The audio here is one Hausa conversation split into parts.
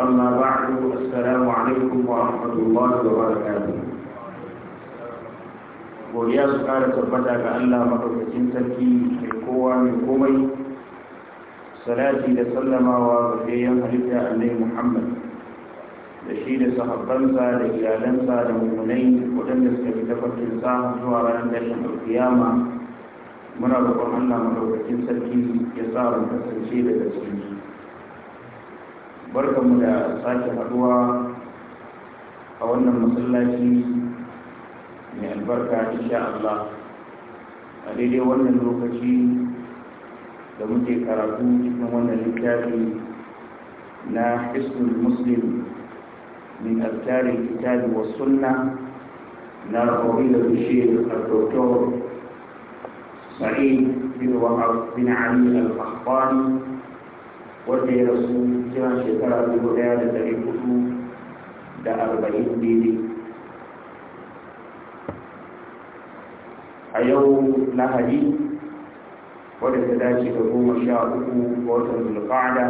أما بعد السلام عليكم ورحمة الله وبركاته godiya su kara tabbata ga Allah madaukakin sarki mai kowa mai komai salati da sallamawa ga yayin halitta annabi Muhammad da shi da sahabbansa da iyalansa da mummunai waɗanda suka fi tafarkin sa zuwa ranar dashin alkiyama muna roƙon Allah madaukakin sarki ya sa mu kasance daga cikin barkanmu da sake haduwa a wannan masallaci mai albarka insha Allah a daidai wannan lokaci da muke karatu cikin wannan littafi na hisnul muslim min azkarin kitabi wa sunna na rahobi da bishir al-doktor sa'id bin wahab bin ali al-fakhbani wanda ya rasu jiran shekara dubu daya da dari hudu da arba'in daidai a yau lahadi wadda ta dace da goma sha uku watan zulqa'ada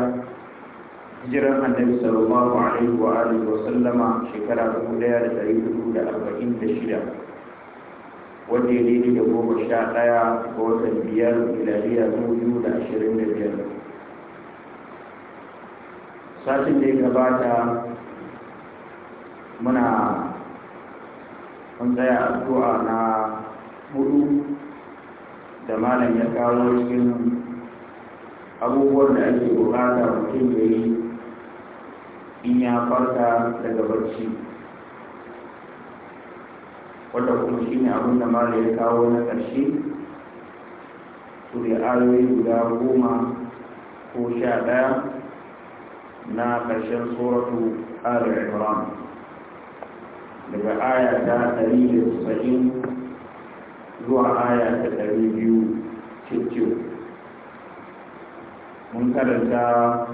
hijiran annabi sallallahu alaihi wa alihi wa sallama shekara dubu daya da dari hudu da arba'in da shida wanda ya daidai da goma sha daya ga watan biyar miladiya dubu biyu da ashirin da biyar satin da ya gabata muna mun tsaya addu'a na hudu da malam ya kawo cikin abubuwan da ake bukata mutum da yi in ya farka daga barci wadda kuma shi ne abin da malam ya kawo na ƙarshe su da ayoyi guda goma ko sha ɗaya na ƙarshen tsoratu al imran daga aya ta 190 zuwa aya ta 200 cikin mun karanta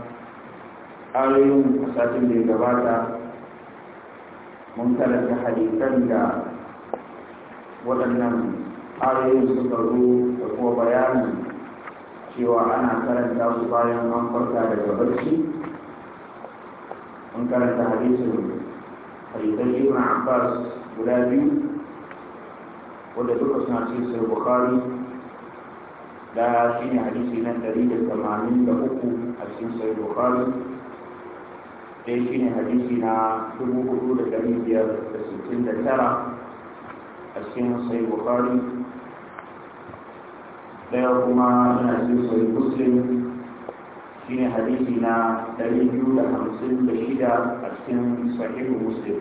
ayoyin a da ya gabata mun karanta hadisan da waɗannan ayoyin suka zo da kuma bayanin cewa ana karanta su bayan an farka daga barci انكر تحديثهم طيب، ابن عباس بلادي ولدك سناسي سر بخاري لا شيء حديثنا تريد الثمانين لأكو حسين سر بخاري حديث حديثنا تبو قدود كميديا بسنتين دكتارا حسين سر بخاري لا يقوم على حسين سر مسلم ne hadisi na 256 a cikin sahihu muslim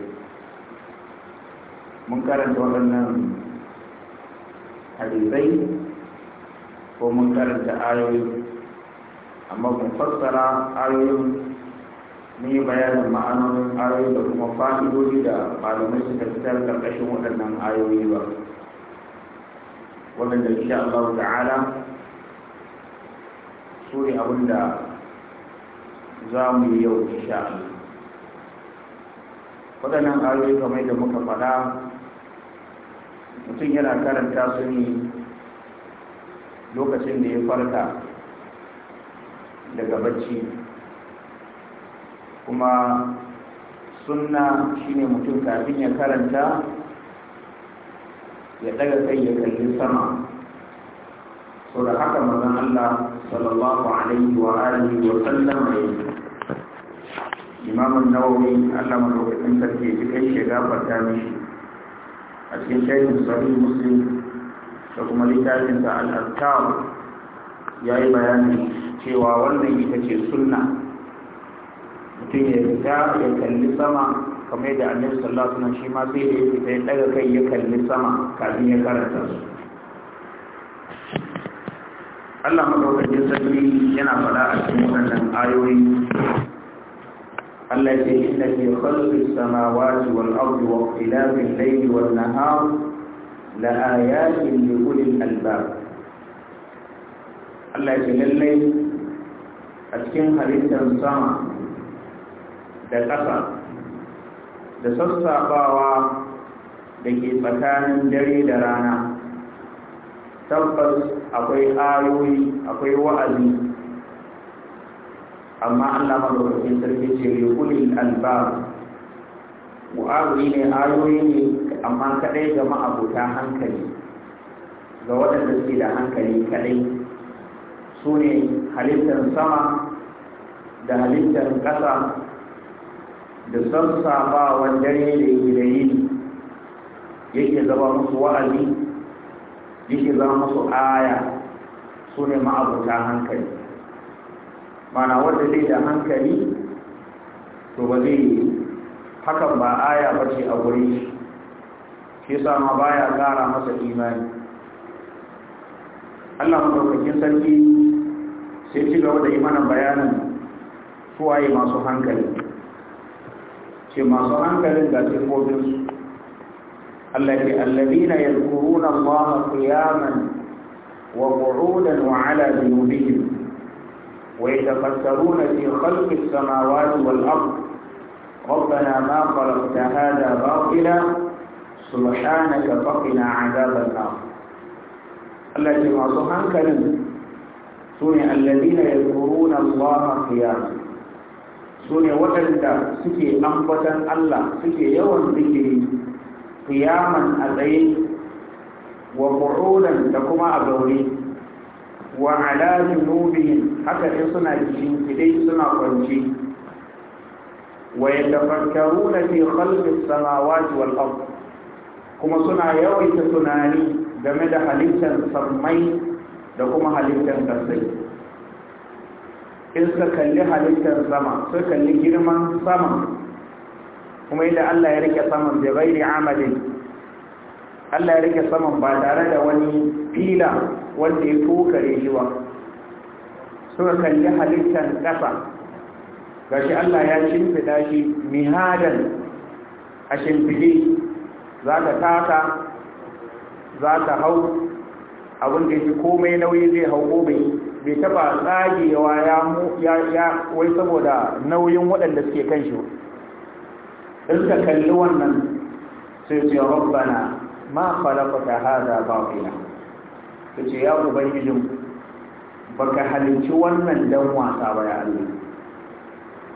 mun karanta waɗannan hadisai ko mun karanta ayoyi amma mun fassara ayoyin mun yi bayanin ma'anonin ayoyi da kuma fa'idodi da malamai suka fitar karkashin waɗannan ayoyi ba waɗanda insha Allah ta'ala su ne abin da. za mu yi yau insha waɗannan ayoyi kamar da muka faɗa mutum yana karanta su ne lokacin da ya farka daga bacci kuma sunna shine mutum kafin ya karanta ya ɗaga kai ya kalli sama so da haka mazan Allah صلى الله عليه وآله وسلم إمام النووي علم الوقتين تركي بكي شغافة تامش أسكن شيء صحيح مسلم فكما لتاكن الأذكار يا بيان cewa wannan ita ce sunna mutum ya fita ya kalli sama kamar da annabi sallallahu alaihi wasallam shi ma sai ya fita ya daga kai ya kalli sama kafin ya karanta su Allah madaukakin sarki yana faɗa a cikin waɗannan ayoyi Allah ya ke fi khalqis samawati wal ardi wa ikhtilafil layli wan nahar la ayatin li ulil albab Allah ya lallai a cikin halittar sama da ƙasa da sassafawa da ke tsakanin dare da rana tabbas akwai ayoyi akwai wa'azi amma Allah madaukakin sarki ce mai kulil albab wa'azi ne ayoyi ne amma kadai ga ma'abuta hankali ga waɗanda suke da hankali kadai su ne halittar sama da halittar ƙasa da sassafawan dare da yake yake zama musu wa'azi yake zama masu aya su ne ma'abuta hankali mana wanda zai da hankali to ba zai yi hakan ba aya ba ce a wuri shi ma sama baya ƙara masa imani allah madaukakin sarki sai ci gaba da imanin bayanin suwaye masu hankali ce masu hankalin ga su الذين يذكرون الله قياما وقعودا وعلى جنوبهم ويتفكرون في خلق السماوات والأرض ربنا ما خلقت هذا باطلا سبحانك فقنا عذاب النار التي معصوها كلمة سنة الذين يذكرون الله قياما سنة وعند سكي نقبة الله سكي يوم ذكري qiyaman a tsaye wa qu'udan da kuma a zaure wa ala junubihim haka dai suna jinkide suna kwance wa yatafakkaruna fi khalqi as-samawati wal ard kuma suna yawaita tunani game da halittar sammai da kuma halittar kasai in suka kalli halittar sama suka kalli girman sama kuma inda Allah ya rike saman bai gairi amalin Allah ya rike saman ba tare da wani fila wanda ya tokare shi ba suka kalli halittar ƙasa shi Allah ya shimfiɗa shi mihadan a shimfiɗe za ka tata za ka hau abin da komai nauyi zai hau gobe bai taba tsagewa ya wai saboda nauyin waɗanda suke kan shi in kalli wannan sai ce rabbana ma khalaqta hadha batila kace ya ubangijin baka halicci wannan dan wasa ba ya Allah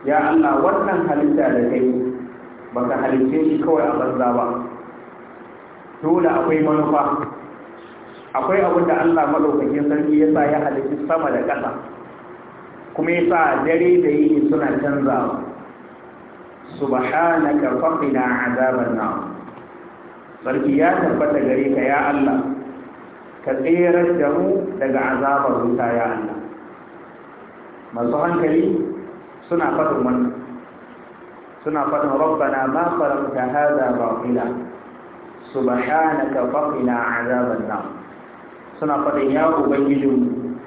ya Allah wannan halitta da kai baka halicce shi kawai a banza ba dole akwai manufa akwai abin da Allah madaukakin sarki ya sa ya halicci sama da ƙasa kuma ya sa dare da yini suna canzawa subhanaka faqina azaban nar sarki ya tabbata gare ka ya Allah ka tsirar da mu daga azabar wuta ya Allah masu hankali suna fadin wannan suna fadin rabbana ma faranta hada batila subhanaka faqina azaban nar suna fadin ya ubangijinmu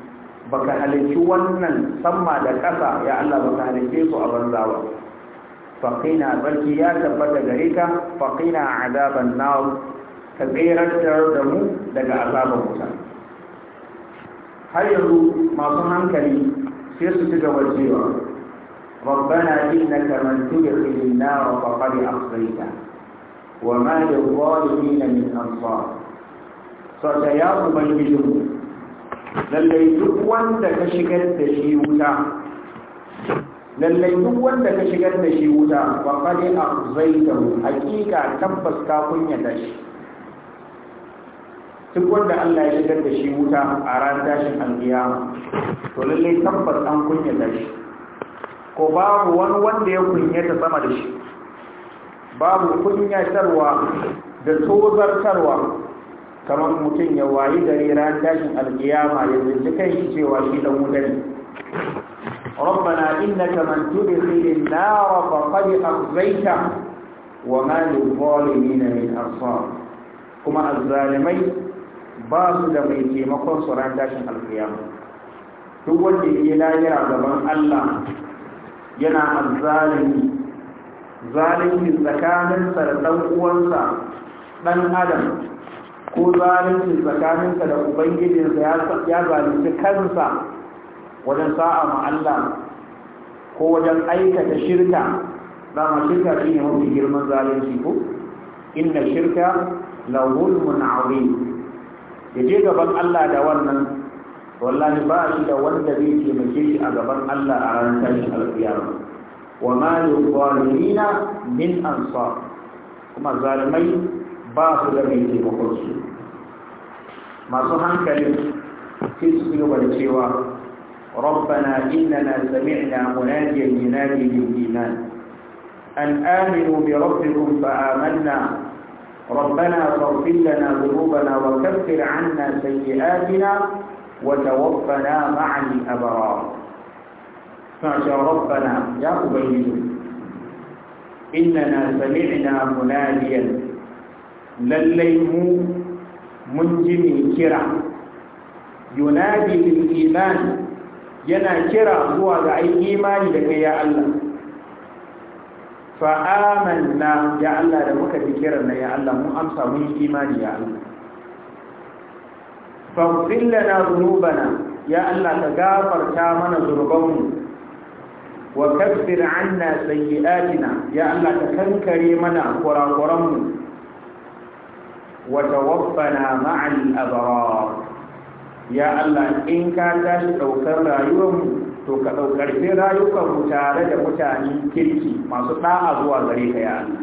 baka halicci wannan sama da ƙasa ya Allah baka halicce su a banza ba faqina barki ya tabbata gare ka faqina azaban nar ka tsirantar da mu daga azabar wuta har yanzu masu hankali sai su ci gaba cewa rabbana innaka man tudkhilin nar faqad akhzayta wa ma lidh-dhalimin min ansar sata ya ubangijinmu lallai duk wanda ka shigar da shi wuta lallai duk wanda ka shigar da shi wuta ba kare a zaitahu hakika tabbas ka kunyata shi duk wanda Allah ya shigar da shi wuta a ran tashin alkiyama to lallai tabbas an kunyata shi ko babu wani wanda ya ta sama da shi babu kunyatarwa da tozartarwa kamar mutum ya wayi gari ran tashin alkiyama ya zai kai shi cewa shi dan wuta ne ربنا إنك من تدخل النار فقد أخزيته وما للظالمين من أنصار كما الظالمين باسد ميتي مكون سران داشن القيامة تقول لي لا يرى غبان الله ينا الظالم ظالم زكان سردو uwansa ɗan adam ko zalunci tsakaninsa da ubangijinsa ya zalunci kansa wajen sa'a ma Allah ko wajen aikata shirka dama shirka shine mafi girman zalunci ko inna shirka la zulmun azim je gaban Allah da wannan wallahi ba shi da wanda zai taimake shi a gaban Allah a ranar tashin alƙiyama wa ma yuzalimina min ansar kuma zalimai ba su da mai taimakon su masu hankalin sai su gaba cewa ربنا إننا سمعنا مناديا ينادي بالإيمان أن آمنوا بربكم فآمنا ربنا فاغفر لنا ذنوبنا وكفر عنا سيئاتنا وتوفنا مع الأبرار فاعشى ربنا يا أبينا إننا سمعنا مناديا لليم منجم كرا ينادي بالإيمان yana kira zuwa ga ai imani da kai ya Allah fa na ya Allah da muka fi kiran na ya Allah mun amsa mun yi imani ya Allah faghfir lana dhunubana ya Allah ka gafarta mana zurbanmu wa kaffir anna sayyi'atina ya Allah ka kankare mana kurakuranmu wa tawaffana ma'al abrar ya Allah in ka tashi ɗaukar rayuwarmu to ka ɗaukarfi rayukanmu tare da mutane kirki masu ɗa'a zuwa gare ka ya Allah.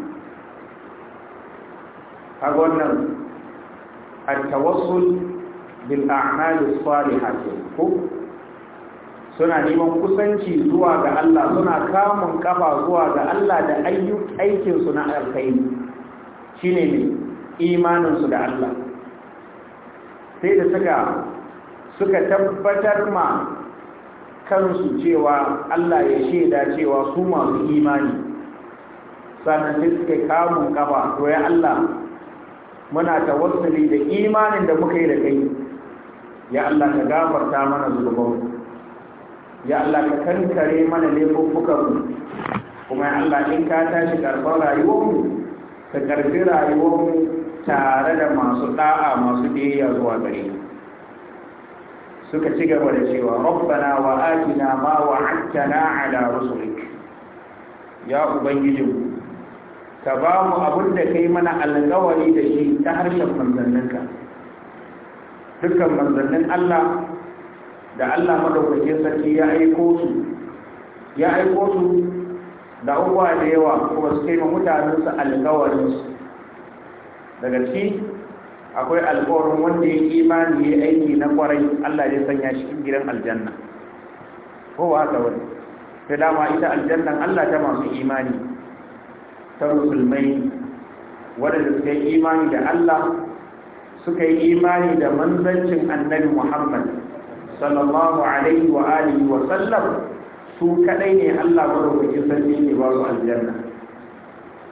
A wannan, a tawassul bil a'malu ko suna neman kusanci zuwa ga Allah suna kamun kafa zuwa ga Allah da ayyukan aikin su na alkhairi shine ne imanin su da Allah sai da suka suka tabbatar ma kansu cewa Allah ya shaida cewa su masu imani sannan sai suka kamun kafa to ya Allah muna tawassuli da imanin da muka yi da kai ya Allah ka gafarta mana zunubanmu ya Allah ka kankare mana laifuffukanmu kuma ya Allah in ka tashi karɓar mu ka karɓi mu tare da masu ɗa'a masu biyayya zuwa gare mu suka ci gaba da cewa rabbana wa atina ma wa'adtana ala rusulik ya ubangijin ka ba mu abin da kai mana alƙawari da shi ta harshen manzanninka dukkan manzannin Allah da Allah madaukakin sarki ya aiko su ya aiko su da uwa da yawa kuma su kai ma mutanensu su, daga ci akwai alƙawarin wanda ya imani ya aiki na kwarai Allah ya sanya shi cikin gidan aljanna ko haka wani sai dama ita aljannan Allah ta masu imani ta musulmai waɗanda suka yi imani da Allah suka yi imani da manzancin annabi Muhammad sallallahu alaihi wa alihi wa sallam su kadai ne Allah madaukakin sarki ne ba su aljanna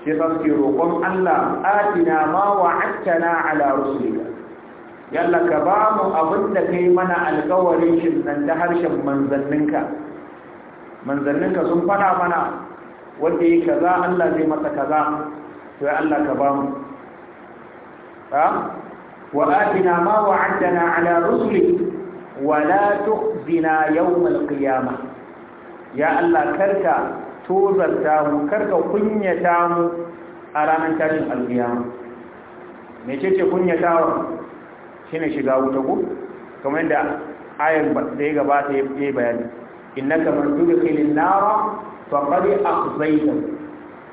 sai sa suke roƙon Allah atina ma wa'adtana ala rusulika yalla ka ba mu abin da kai mana alƙawarin shin nan ta harshen manzanninka manzanninka sun fara mana wanda yi kaza Allah zai masa kaza to ya Allah ka ba mu ha wa atina ma wa'adtana ala rusulik wa la tukhzina yawm al-qiyamah ya Allah karka ta mu karka kunyata mu a ranar tashin alkiyama me ce ce kunyatawa ne shiga wuta ko kamar yadda ayar da ya gabata ya fiye bayani innaka nawa? ta nara a akhzaytahu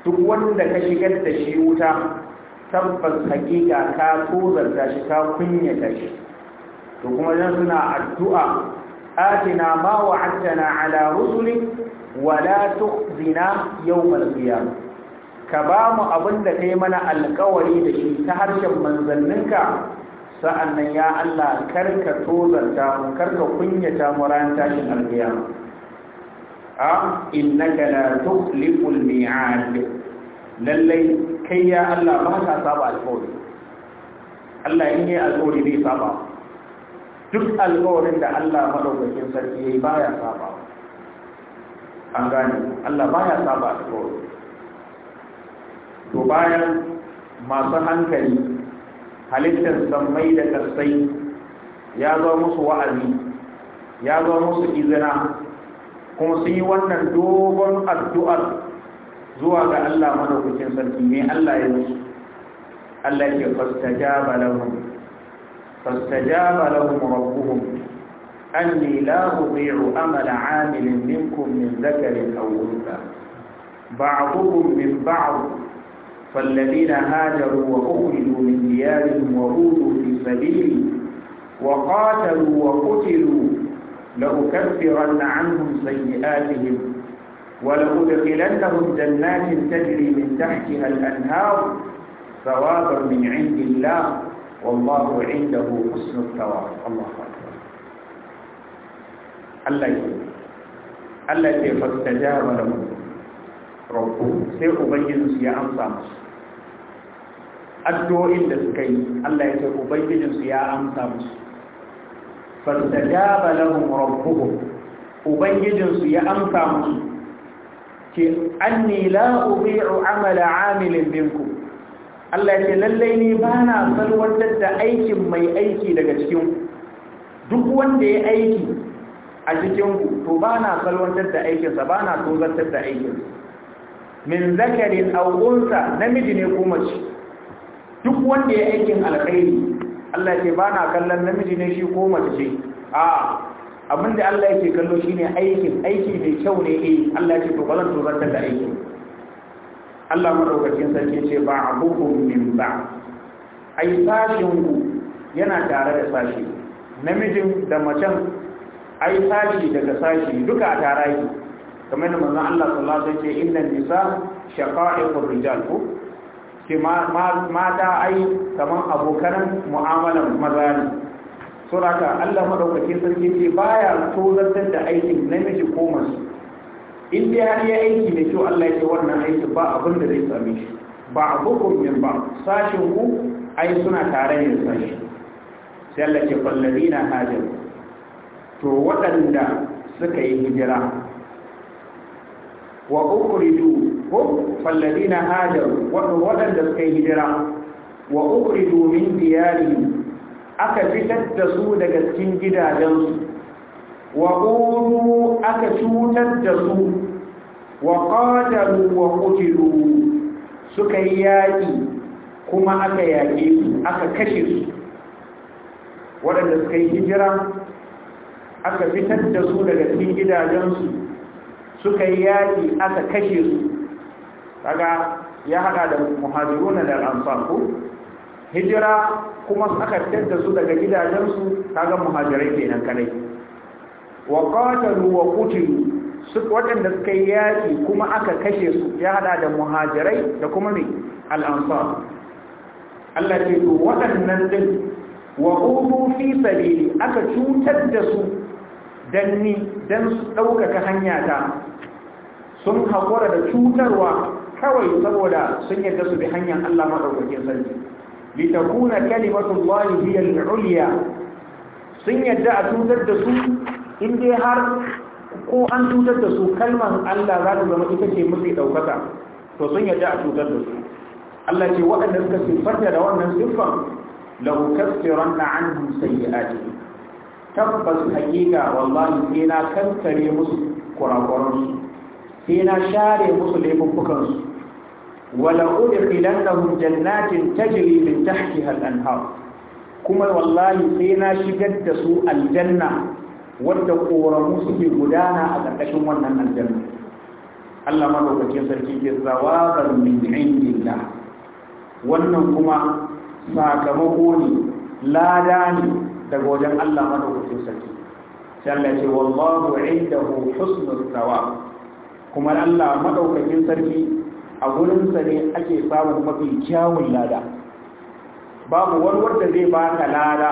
duk wanda ka shigar da shi wuta tabbas hakika ka ta shi ka kunyata shi to kuma dan suna addu'a atina ma wa'adana ala rusuli wala tukhzina yawmal qiyamah ka ba mu da kai mana alƙawari da shi ta harshen manzanninka sa'annan ya Allah kar ka tozarta mu ka kunyata mu ran tashin alƙiyama a innaka la tukhliful mi'ad lallai kai ya Allah ba ka saba alƙawari Allah in yi alƙawari bai saba duk alƙawarin da Allah madaukakin sarki yayi baya saba an gane Allah baya saba da kawai to bayan masu hankali halittar sammai da kasai ya zo musu wa'azi ya zo musu izina kuma sun yi wannan dogon addu'ar zuwa ga Allah madaukakin sarki ne Allah ya musu Allah ya jaba lahum fastajaba lahum rabbuhum أني لا أضيع أمل عامل منكم من ذكر أو أنثى بعضكم من بعض فالذين هاجروا وأخرجوا من ديارهم وأوذوا في سبيلي وقاتلوا وقتلوا لأكفرن عنهم سيئاتهم ولأدخلنهم جنات تجري من تحتها الأنهار ثوابا من عند الله والله عنده حسن الثواب الله أكبر Allah ya Allah ya fastajaba lahu rabbu sai ubangijin su ya amsa musu addu'o'in da suka yi Allah ya ce ubangijin su ya amsa musu fastajaba lahum rabbuhum ubangijin su ya amsa musu ke anni la ubi'u amala amilin minkum Allah ya ce lallai ni ba na salwantar da aikin mai aiki daga cikin duk wanda ya aiki a cikin to ba na salwantar da aikinsa ba na tozartar da aikinsa min zakarin au'unsa namiji ne ko mace duk wanda ya aikin alkhairi Allah ce ba na kallon namiji ne shi ko mace ce a da Allah yake kallo shine aikin aiki mai kyau ne eh Allah ce to bazan tozartar da aikin Allah madaukakin sarki ce ba abukum min ba ai sashin ku yana tare da sashi namijin da macen ai sashi daga sashi duka a tara yi kamar da manzon Allah sallallahu alaihi wasallam ce inna nisa shaqa'iqur rijal ko ce mata ai kamar abokan mu'amalan maza ne suraka Allah madaukakin sarki ce baya tozartar da aikin namiji ko mace in dai har ya aiki da kyau Allah ya ce wannan aiki ba abin da zai same shi ba abokan min ba sashin ku ai suna tare ne sashi sai Allah na fallazina hajaru to waɗanda suka yi hijira wa ukridu ko falladina hajaru waɗanda suka yi hijira wa ukridu min diyari aka fitar da su daga cikin gidajensu wa ƙuru aka cutar da su wa ƙadaru wa ƙutilu suka yi yaƙi kuma aka yaƙe aka kashe su waɗanda suka yi hijira aka fitar da su daga cikin gidajensu suka yi yaƙi aka kashe su kaga ya hada da muhajiruna da ansar hijira kuma aka fitar da su daga gidajensu kaga muhajirai kenan kadai wa qatalu wa qutilu su waɗanda suka yi yaƙi kuma aka kashe su ya hada da muhajirai da kuma ne al'ansar Allah ce to waɗannan din wa uzu fi sabili aka cutar da su dan ni dan su ɗaukaka hanya ta sun haƙura da cutarwa kawai saboda sun yadda su bi hanyar Allah maɗaukakin sarki litakuna kalimatul lahi hiya al-ulya sun yadda a cutar da su in dai har ko an cutar da su kalmar Allah za ta zama ita ce mafi ɗaukaka to sun yadda a cutar da su Allah ce waɗanda suka siffanta da wannan siffan lahu kastiran na an sayyi'ati tabbas hakika wallahi sai na kankare musu kurakuransu sai na share musu laifuffukansu wala udkhilannahum jannatin tajri min tahtiha al-anhar kuma wallahi sai na shigar da su aljanna wadda musu ke gudana a ƙarƙashin wannan aljanna Allah madaukakin sarki ke zawaban min indillah wannan kuma sakamako ne lada ne daga wajen Allah madaukakin sarki sai Allah ce wallahu indahu husnul thawab kuma Allah madaukakin sarki a gurin sa ne ake samun mafi kyawun lada babu wani wanda zai baka lada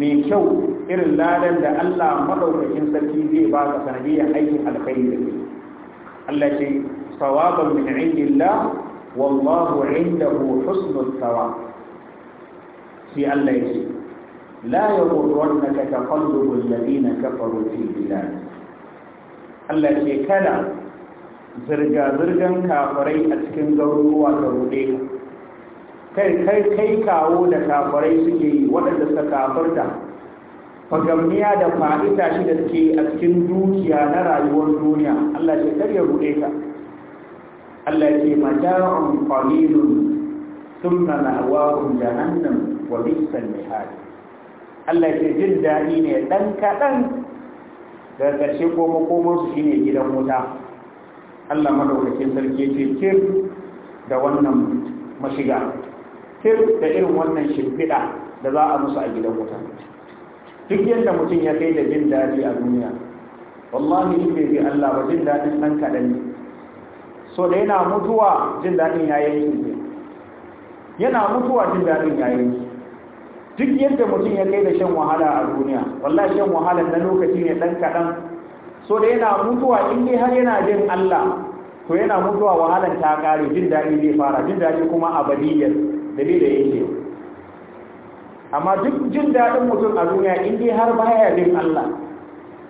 mai kyau irin ladan da Allah madaukakin sarki zai baka sanadiyar aikin alkhairi da Allah ce thawaban min indillah wallahu indahu husnul thawab sai Allah ya ce la yaghurrannaka taqallubul ladina kafaru fil bilad Allah ke kada zirga-zirgan kafarai a cikin garuruwa ka rude kai kai kai kawo da kafarai suke yi waɗanda suka da. fagamniya da fa'ita shi da suke a cikin dukiya na rayuwar duniya Allah ke kar ya rude ka Allah ke mata'un qalilun thumma ma'awahum jahannam wa bi'sal mihad Allah ce jin daɗi ne ɗan kaɗan daga ƙarshe ko makomansu shi ne gidan wuta Allah madaukakin sarki ce kir da wannan mashiga kir da irin wannan shimfiɗa da za a musu a gidan wuta duk yadda mutum ya kai da jin daɗi a duniya wallahi in bai bi Allah ba jin daɗin ɗan kaɗan ne so da yana mutuwa jin daɗin yayin yanki yana mutuwa jin daɗin yayin. duk yadda mutum ya kai da shan wahala a duniya wallahi shan wahala na lokaci ne dan kaɗan so da yana mutuwa in dai har yana jin Allah to yana mutuwa wahalan ta kare jin daɗi zai fara jin daɗi kuma abadiyyar da bai da yake amma duk jin daɗin mutum a duniya in dai har baya jin Allah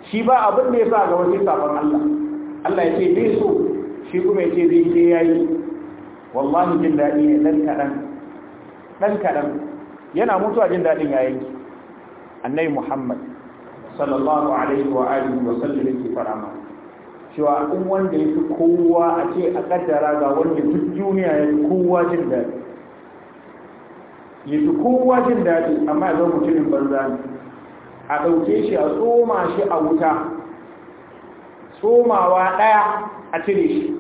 shi ba abin da ya ga wani sabon Allah Allah ya ce bai so shi kuma ya ce zai ce yayi wallahi jin daɗi ne dan kadan dan kaɗan yana mutuwa jin daɗin yayin ki annai muhammad sallallahu alaihi wa alihi wa sallam yake fara ma cewa in wanda yake kowa a ce a kaddara ga wanda duk duniya ya fi kowa jin daɗi ya fi kowa jin daɗi amma ya zama mutumin banza ne a ɗauke shi a tsoma shi a wuta tsomawa ɗaya a cire shi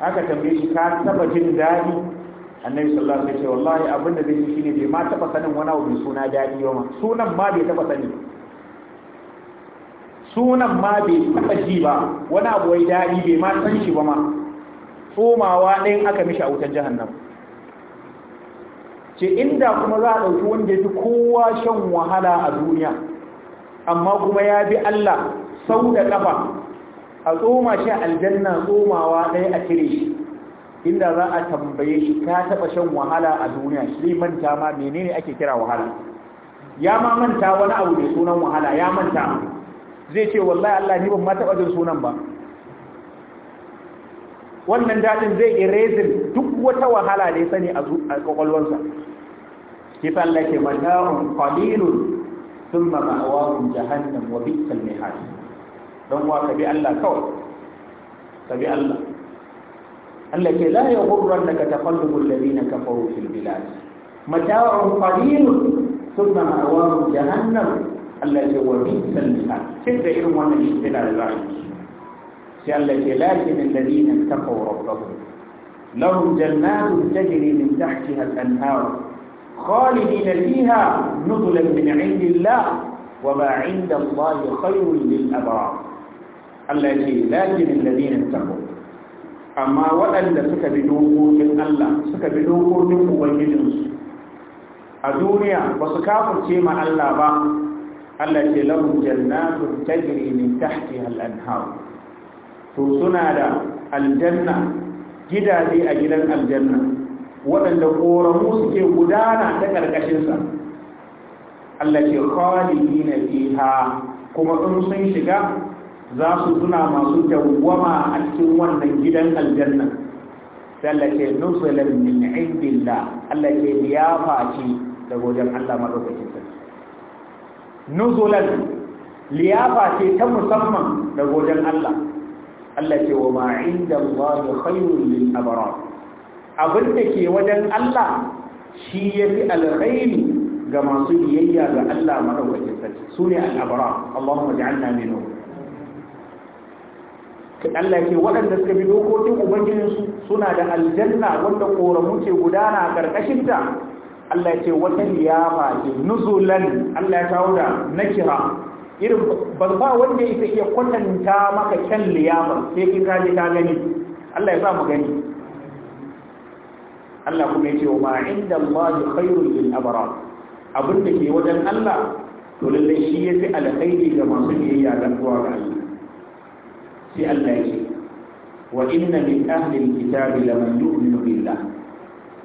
Haka tambaye shi ka taba jin daɗi annabi sallallahu alaihi wasallam wallahi abin da zai shine bai ma taba sanin wani abu mai suna dadi ba sunan ma bai taba sani sunan ma bai taba ji ba wani abu wai dadi bai ma san shi ba ma tsomawa ɗayan aka mishi a wutar jahannam ce inda kuma za a ɗauki wanda ya fi kowa shan wahala a duniya amma kuma ya bi Allah sau da ƙafa a tsoma shi aljanna tsomawa ɗaya a kire shi inda za a tambaye shi ka taɓa shan wahala a duniya shi manta ma menene ake kira wahala ya ma manta wani abu mai sunan wahala ya manta zai ce wallahi Allah ni ban ma taɓa jin sunan ba wannan dadin zai erasing duk wata wahala da ya sani a kwakwalwarsa kisa Allah ke mata'un qalilun thumma ma'awahum jahannam wa bi'sal mihad don wa kabi Allah kawai kabi Allah التي لا يغرنك تقلب الذين كفروا في البلاد متاع قليل ثم مأواه جهنم التي هو بئس المثال كيف يرمون الاشتلال الرحيم قال لك لكن الذين اتقوا ربهم لهم جنات تجري من تحتها الانهار خالدين فيها نزلا من عند الله وما عند الله خير للابرار التي لكن الذين اتقوا amma waɗanda suka bi dokokin Allah suka bi dokokin ubangijinsu a duniya ba su kafurce ma Allah ba Allah ce lahum jannatun tajri min tahtiha al-anhar to suna da aljanna gidaje a gidan aljanna waɗanda koramu suke gudana ta ƙarƙashinsa. Allah ce khalidina fiha kuma in sun shiga za su suna masu dawwama a cikin wannan gidan aljanna sallace nusulan min indillah Allah ke liyafa ce daga wajen Allah madaukakin sarki nuzulan liyafa ce ta musamman daga wajen Allah Allah ce wa ma inda Allah khairul lil abrar abin da ke wajen Allah shi yafi alkhairi ga masu biyayya ga Allah madaukakin sarki sune al abrar Allahumma ja'alna minhum Ka Allah ke waɗanda suka bi dokokin ubangijinsu suna da aljanna wanda koramu ce gudana a ƙarƙashinta Allah ce wata liyafa ce nuzulan Allah ya kawo da nakira irin ba ba wanda yake iya kwatanta maka kyan liyafa sai kin kaje ka gani Allah ya sa mu gani Allah kuma ya ce wa ma inda Allah khairul lil abrar abin da ke wajen Allah to lalle shi yafi alkhairi ga masu biyayya ga Allah في الليل وإن من أهل الكتاب لمن يؤمن بالله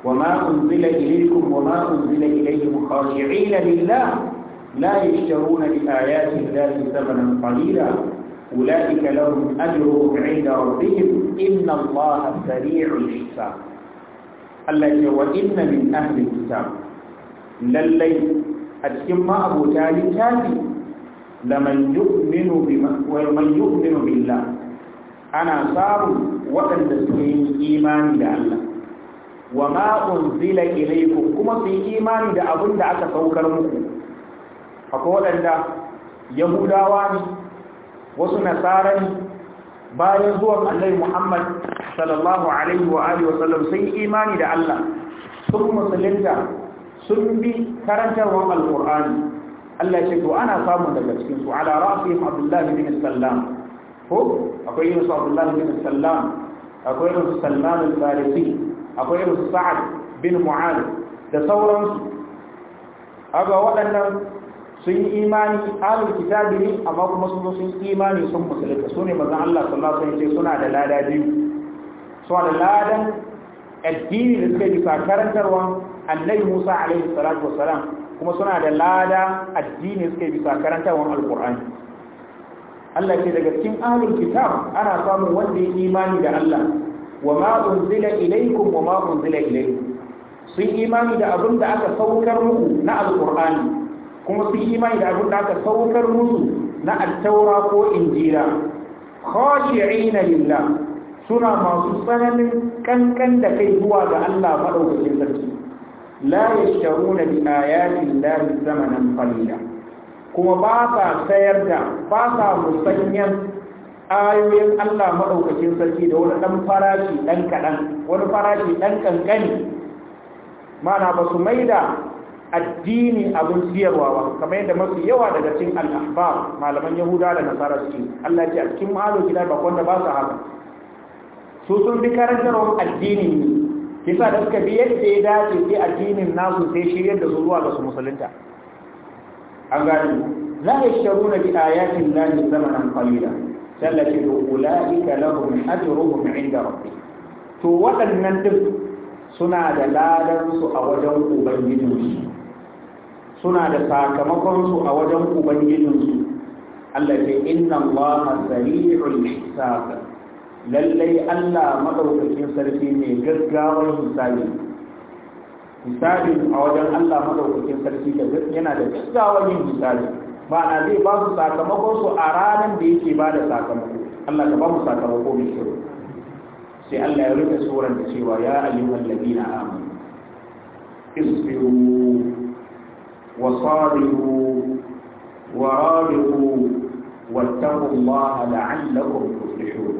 وما أنزل إليكم وما أنزل إليهم خاشعين لله لا يشترون بآيات الله ثمنا قليلا أولئك لهم أجر عند ربهم إن الله سريع الحساب الذي وإن من أهل الكتاب للي أتكما أبو تالي تالي لمن يؤمن بما ومن يؤمن بالله ana samun waɗanda suke yin imani da Allah wa ma unzila ilaykum kuma su yi imani da abin da aka saukar muku akwai waɗanda yahudawa ne wasu nasara ne bayan zuwan annabi Muhammad sallallahu alaihi wa alihi wa sallam sun imani da Allah sun musulunta sun bi karantarwar alqur'ani Allah ya ce to ana samun daga cikin su ala ra'sihim Abdullah bin Sallam ko akwai yunus abdullah bin sallam akwai irin salman al-farisi akwai irin sa'ad bin mu'ad da sauransu aga waɗannan sun yi imani alul kitabi ne amma kuma sun sun imani sun musulunta su ne mazan Allah sallallahu alaihi wasallam suna da lada biyu suna da ladan addini da suka yi bisa karantarwa annabi Musa alaihi salatu wasalam kuma suna da lada addini suka yi bisa karantarwa alqur'ani Allah ce daga cikin ahlul kitab ana samun wanda ya imani da Allah wa ma unzila ilaykum wa ma unzila ilaykum sun imani da abin da aka saukar muku na alqur'ani kuma sun imani da abin da aka saukar musu na attaura ko injira khashi'ina lillah suna masu tsananin kankan da kai zuwa ga Allah madaukakin sarki la yashtaruna bi ayati llahi zamanan qalila kuma ba sa sayar da ba sa musanyen ayoyin Allah maɗaukacin sarki da wani ɗan farashi ɗan kaɗan wani farashi ɗan ƙanƙani mana ba su mai da addini abin siyarwa ba kamar yadda masu yawa daga cikin al'ahbar malaman yahuda da nasara suke Allah ce a cikin malo gida ba kwanda ba su haka su sun bi karantarwar addini ne kisa da suka bi yadda ya dace sai addinin nasu sai shirya da zuwa ga su musulunta an gane la yashtaruna bi ayatin llahi thamanan qalila sallati ulaika lahum ajruhum inda rabbih to waɗannan duk suna da ladan su a wajen ubangijinsu suna da sakamakon su a wajen ubangijinsu Allah ce inna Allah sari'ul hisab lallai Allah madaukakin sarki ne gaggawar hisabi misali a wajen Allah madaukakin sarki da yana da gaggawar yin misali na zai ba su sakamakon su a ranar da yake ba da sakamako Allah ka ba mu sakamako mai shiru sai Allah ya rufe suran da cewa ya ayyuhal ladina amanu isbiru wa sabiru wa rabiru wattaqu Allah la'allakum tuflihun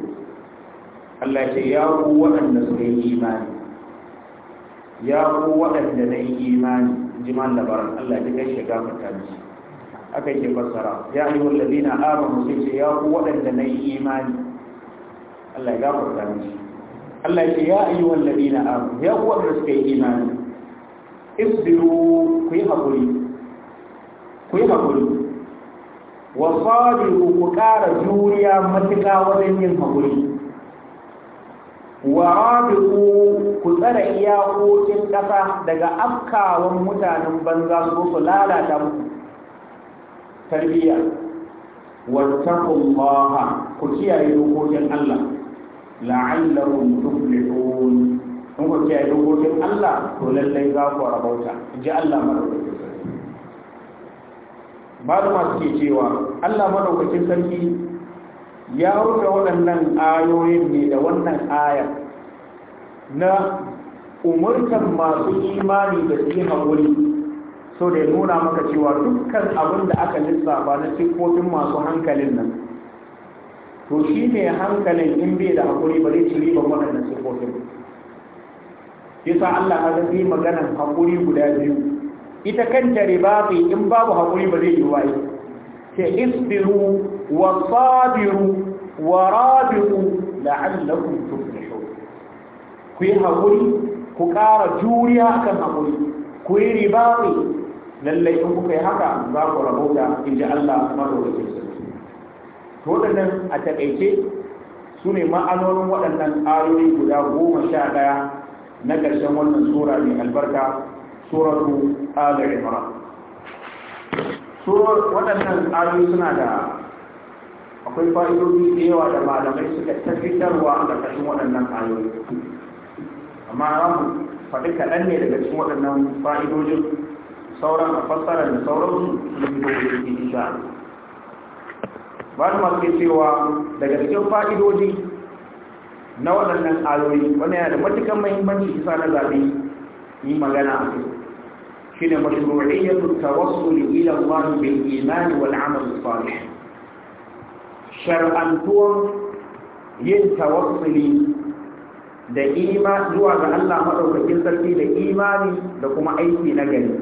Allah ya ce ya ku waɗanda suka yi imani ya ku waɗanda na yi imani ji man labaran Allah ya kai shiga mutane. musu aka yake fassara ya yi wallabi na amanu sai ce ya ku waɗanda na yi imani Allah ya gafarta musu Allah ya ce ya yi wallabi na amanu ya ku waɗanda suka yi imani isbiru ku yi haƙuri ku yi haƙuri Wasu sabiru ku ƙara juriya matuƙa wajen yin haƙuri Wa wa'abiku ku tsara iyakokin ƙasa daga afkawan mutanen banza su su lalata mu? tarbiyya wattaqullaha ku kiyaye dokokin Allah la'allakum tuflihun in ku kiyaye dokokin Allah to lallai za ku rabauta ji Allah madaukakin sarki ba da masu ke cewa Allah madaukakin sarki ya rufe waɗannan ayoyin ne da wannan ayar na umurtan masu imani da su yi haƙuri so da ya nuna maka cewa dukkan abin da aka lissafa na siffofin masu hankalin nan to shi ne hankalin in bai da haƙuri ba zai ci riban waɗannan siffofin yasa Allah ka zafi maganan haƙuri guda biyu ita kan riba in babu haƙuri ba zai yi wa'i sai isbiru wasabiru warabiu la'allakum tuflihun ku yi hakuri ku ƙara juriya akan hakuri ku yi ribawi lallai in kuka yi haka za ku rabauta in ji Allah madaukakin sarki to waɗannan a taƙaice su ne ma'anonin waɗannan ayoyi guda goma sha ɗaya na ƙarshen wannan sura mai albarka suratu al-imran surar waɗannan ayoyi suna da akwai fa'idodi da yawa da malamai suka tabbatarwa a ƙarƙashin waɗannan ayoyi amma za faɗi kaɗan ne daga cikin waɗannan fa'idodin sauran a fassara da su da fito da ke isha ba su masu cewa daga cikin fa'idodi na waɗannan ayoyi wani yana da matuƙan mahimmanci isa na zaɓe yi magana a kai shi ne mashru'iyyatu tawassuli ilan wani bil imani wani amal salih shar'antuwan yin tawassuli da imani zuwa ga Allah maɗaukakin sarki da imani da kuma aiki na gari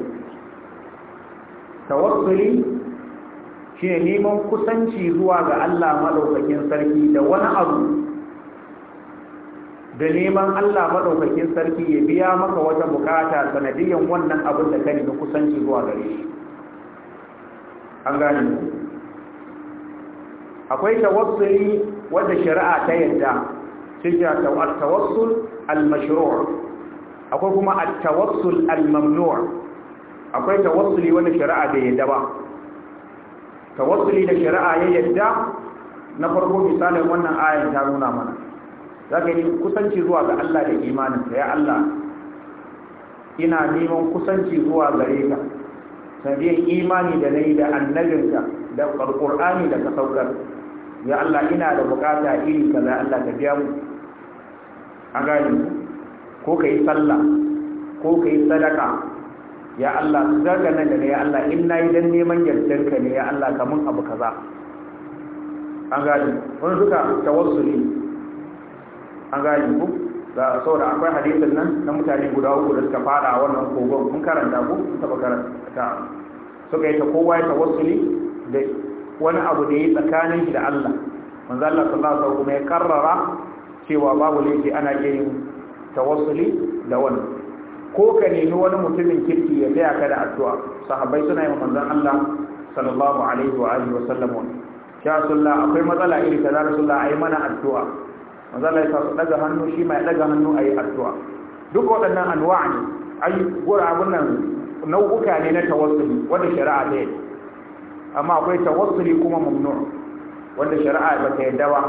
tawassuli shi ne neman kusanci zuwa ga Allah maɗaukakin sarki da wani abu da neman Allah maɗaukakin sarki ya biya maka wata bukata sanadiyan wannan abin da ka nemi kusanci zuwa gare shi an gane akwai tawassuli wanda shari'a ta yadda shi tawassul al-mashru' akwai kuma at-tawassul al-mamnu' akwai tawassuli wanda shari'a bai yadda ba tawassuli da shari'a ya yadda na farko misalin wannan ayar ta nuna mana zaka yi kusanci zuwa ga Allah da imaninka ya Allah ina neman kusanci zuwa gare ka sanadiyar imani da na yi da annabinka da alƙur'ani da ka saukar ya Allah ina da bukata iri kaza Allah ka biya mu an gani ko kai sallah ko kai sadaka ya Allah zaga nan da ya Allah in nayi dan neman ka ne ya Allah ka mun abu kaza an gani wannan duka tawassuli an gani ku da saboda akwai hadisin nan na mutane guda uku da suka fada wannan kogon mun karanta ku ta karanta suka yi ta kowa ya tawassuli da wani abu da ya tsakanin shi da Allah manzo Allah sallallahu alaihi wasallam ya karrara cewa babu laifi ana yin tawassuli da wani. ko ka nemi wani mutumin kirki ya tsaya ka da addu'a sahabbai suna yin manzon Allah sallallahu alaihi wa alihi wasallam ya sallah akwai matsala iri ta kaza rasulullah ayi mana addu'a manzo Allah ya sa su daga hannu shi mai ɗaga hannu a ayi addu'a duk waɗannan anwa'i ayi abin nan nau'uka ne na tawassuli wanda shari'a ta yi amma akwai tawassuli kuma mamnu wanda shari'a ba ta yadda ba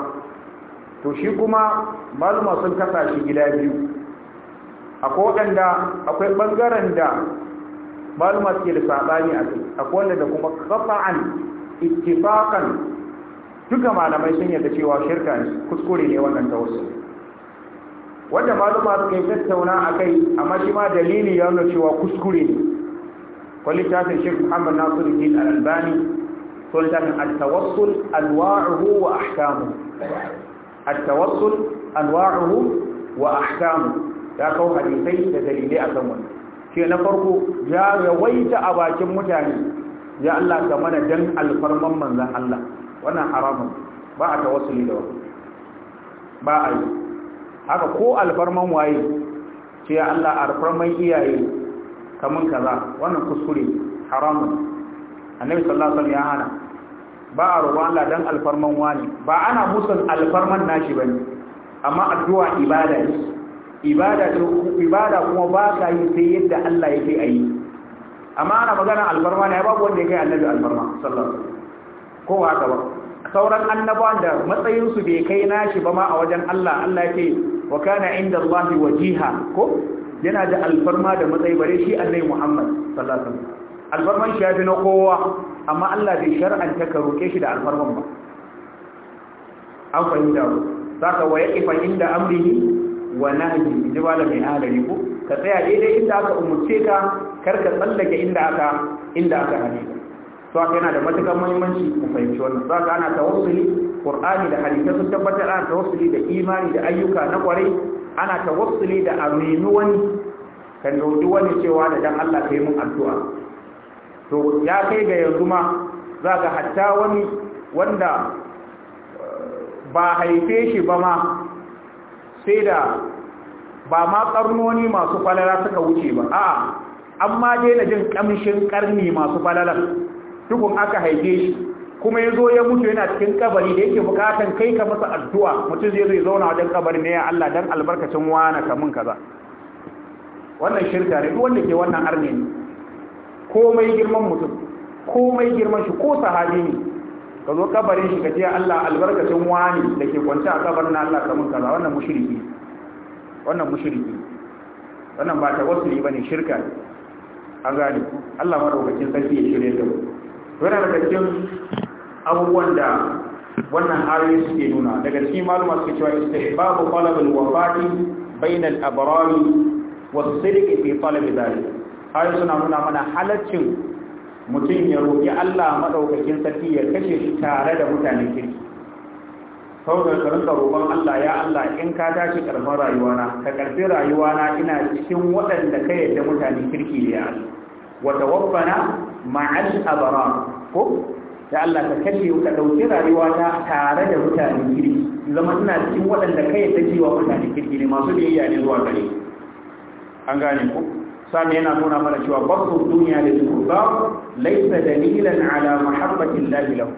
to shi kuma maluma sun kasa shi gida biyu akwai waɗanda akwai ɓangaren da maluma suke da saɓani a kai akwai wanda da kuma kafa'an ittifakan duka malamai sun yadda cewa shirka kuskure ne wannan tawassul wanda maluma suka yi tattauna a kai amma shi ma dalili ya nuna cewa kuskure ne kwalli ta shirka muhammad nasiru din al-albani sun tafin al-tawassul anwa'uhu wa al-tawassul anwa'uhu wa ahkamu ya kawo hadisai da dalilai akan wannan ke na farko ya yawaita a bakin mutane ya Allah ka mana wannan haramun ba a ba haka ko alfarman waye ce ya Allah alfarman iyaye kamun kaza wannan kuskure haramun annabi sallallahu alaihi wasallam ya hana ba a roƙon Allah don alfarman wani ba ana musul alfarman nashi ba ne. amma addu'a ibada ne ibada kuma ba ka yi sai yadda Allah ya a yi. amma ana magana alfarma ne babu wanda ya kai annabi alfarma sallallahu alaihi ko haka ba sauran annabawan da matsayinsu bai kai nashi ba ma a wajen Allah Allah yake wa kana inda Allah wajiha ko yana da alfarma da matsayi bare shi annabi Muhammad sallallahu alfarman shi ya fi na kowa amma Allah bai shar'anta ka roke shi da alfarman ba an fahimta za zaka waya ifa inda amrihi wa nahyi wala mai alari ko? ka tsaya daidai inda aka umurce ka kar ka tsallake inda aka inda aka hani to haka yana da matukar muhimmanci ku fahimci wannan zaka ana tawassuli qur'ani da hadisi sun tabbatar ana tawassuli da imani da ayyuka na kware ana tawassuli da aminu wani kan dodi wani cewa da dan Allah kai mun addu'a to ya kai ga yanzu ma za ka hatta wani wanda eh, ba haife shi ba ma sai da ba ma karnoni masu falala suka wuce ba a amma daina jin kamshin karni masu falalar tukun aka haife shi kuma ya zo ya mutu yana cikin kabari da yake bukatan kai ka masa addu'a mutum zai zo zai zauna wajen kabari ne ya Allah dan albarkacin wani kamun kaza wannan shirka ne duk wanda ke wannan arni ne komai girman mutum komai girman shi ko sahabi ne ka zo kabarin shi ka ce Allah albarkacin wani da ke kwance a kabarin na Allah kamun kaza wannan mushriki wannan mushriki wannan ba ta wasu ne shirka an gane Allah madaukakin sarki ya shirya da mu yana daga cikin abubuwan da wannan ayoyi suke nuna daga cikin maluma suke cewa istihbabu talabul wafati bainal abrari was sidq fi talab dhalik ayoyi suna nuna mana halaccin mutum ya roƙi Allah maɗaukakin sarki ya kashe shi tare da mutanen kirki Sauka da rinka roƙon Allah ya Allah in ka tashi karfin rayuwana ka ƙarfi rayuwana ina cikin waɗanda ka yadda mutanen kirki ne ya wa tawaffana ma'al abara ko da Allah ka kashe ka ɗauki rayuwata tare da mutanen kirki zama ina cikin waɗanda ka yadda cewa mutanen kirki ne masu biyayya ne zuwa gare an gane ku sannan yana nuna mana cewa basu duniya da zuwa laisa dalilan ala mahabbatin lahi lahu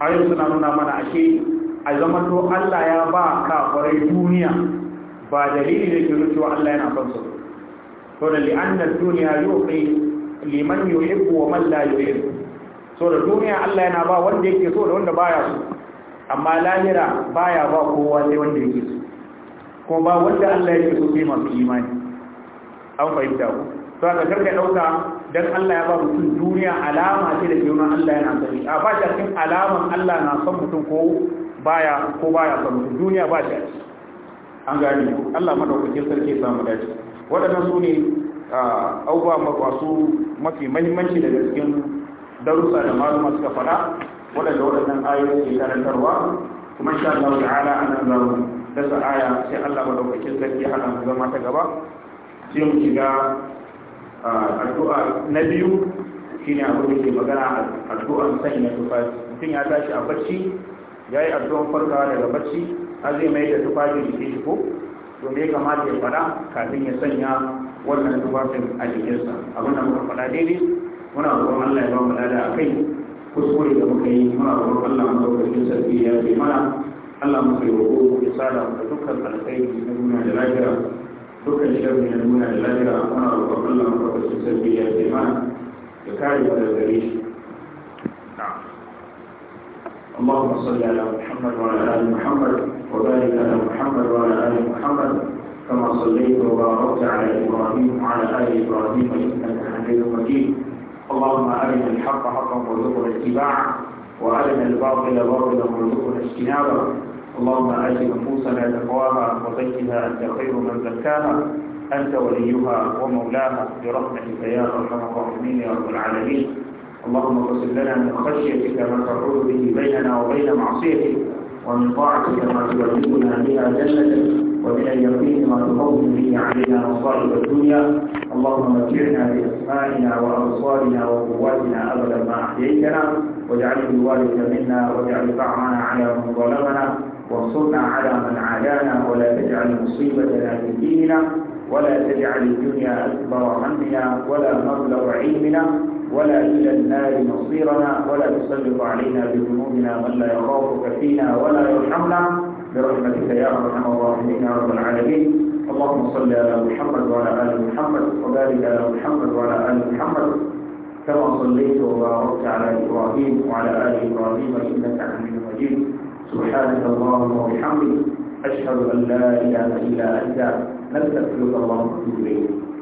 ayoyin suna nuna mana ake a zaman to Allah ya ba k'a kafirai duniya ba dalili da ke cewa Allah yana son su So da li'annar duniya kai liman yuhibbu wa man la yuhibbu so da duniya Allah yana ba wanda yake so da wanda baya so amma lahira baya ba kowa sai wanda yake so ko ba wanda Allah yake so sai masu imani an fahimta ku to ka karka dauka dan Allah ya ba mutum duniya alama ce da cewa Allah yana sani a ba ta cikin alaman Allah na son mutum ko baya ko baya son mutum duniya ba ta an gani Allah madaukakin sarki ya samu dace waɗannan su ne abubuwa makwasu mafi mahimmanci daga cikin darussa da maluma suka faɗa waɗanda waɗannan ayoyi ke karantarwa kuma insha Allah ta'ala anan da dasa aya sai Allah madaukakin sarki ya hana mu zama ta gaba sai mu shiga addu'a na biyu shine abin da ke magana addu'an sanya tufafi mutum ya tashi a bacci ya yi addu'an farkawa daga bacci har zai mai da tufafi da ke ko to me kamata ya faɗa kafin ya sanya wannan tufafin a jikinsa abin da muka faɗa daidai muna roƙon Allah ya ba mu lada a kai kuskure da muka yi muna roƙon Allah mu ɗaukakin sarki ya ce mana Allah mu kai roƙo ya sada mu da dukkan alkhairi na duniya da lafiya dukkan shirin ya nuna da lafiya ana roƙon Allah maka su sabbi ya ce mana ya kare mu gare shi اللهم صل على محمد وعلى ال محمد وبارك على محمد وعلى ال محمد كما صليت وباركت على ابراهيم وعلى ال ابراهيم انك حميد مجيد اللهم ارنا الحق حقا وارزقنا اتباعه وارنا الباطل باطلا وارزقنا اجتنابه اللهم آت نفوسنا تقواها وزكها أنت خير من زكاها أنت وليها ومولاها برحمتك يا أرحم الراحمين يا رب العالمين اللهم اغسل لنا من خشيتك ما تحول به بيننا وبين معصيتك ومن طاعتك ما تبلغنا بها جنتك ومن اليقين ما تهون به علينا مصائب الدنيا اللهم متعنا باسمائنا وابصارنا وقواتنا ابدا ما احييتنا واجعله الوارث منا واجعل طعمنا على من ظلمنا وانصرنا على من عادانا ولا تجعل مصيبتنا في ديننا ولا تجعل الدنيا أكبر همنا ولا مبلغ علمنا ولا إلى النار مصيرنا ولا تسلط علينا بذنوبنا من لا يخافك فينا ولا يرحمنا برحمتك يا أرحم الراحمين يا رب العالمين اللهم صل على محمد وعلى آل محمد وبارك على محمد وعلى آل محمد كما صليت وباركت على إبراهيم وعلى آل إبراهيم إنك حميد مجيد سبحانك اللهم وبحمدك أشهد أن لا إله إلا أنت نستغفرك اللهم وبحمدك إليك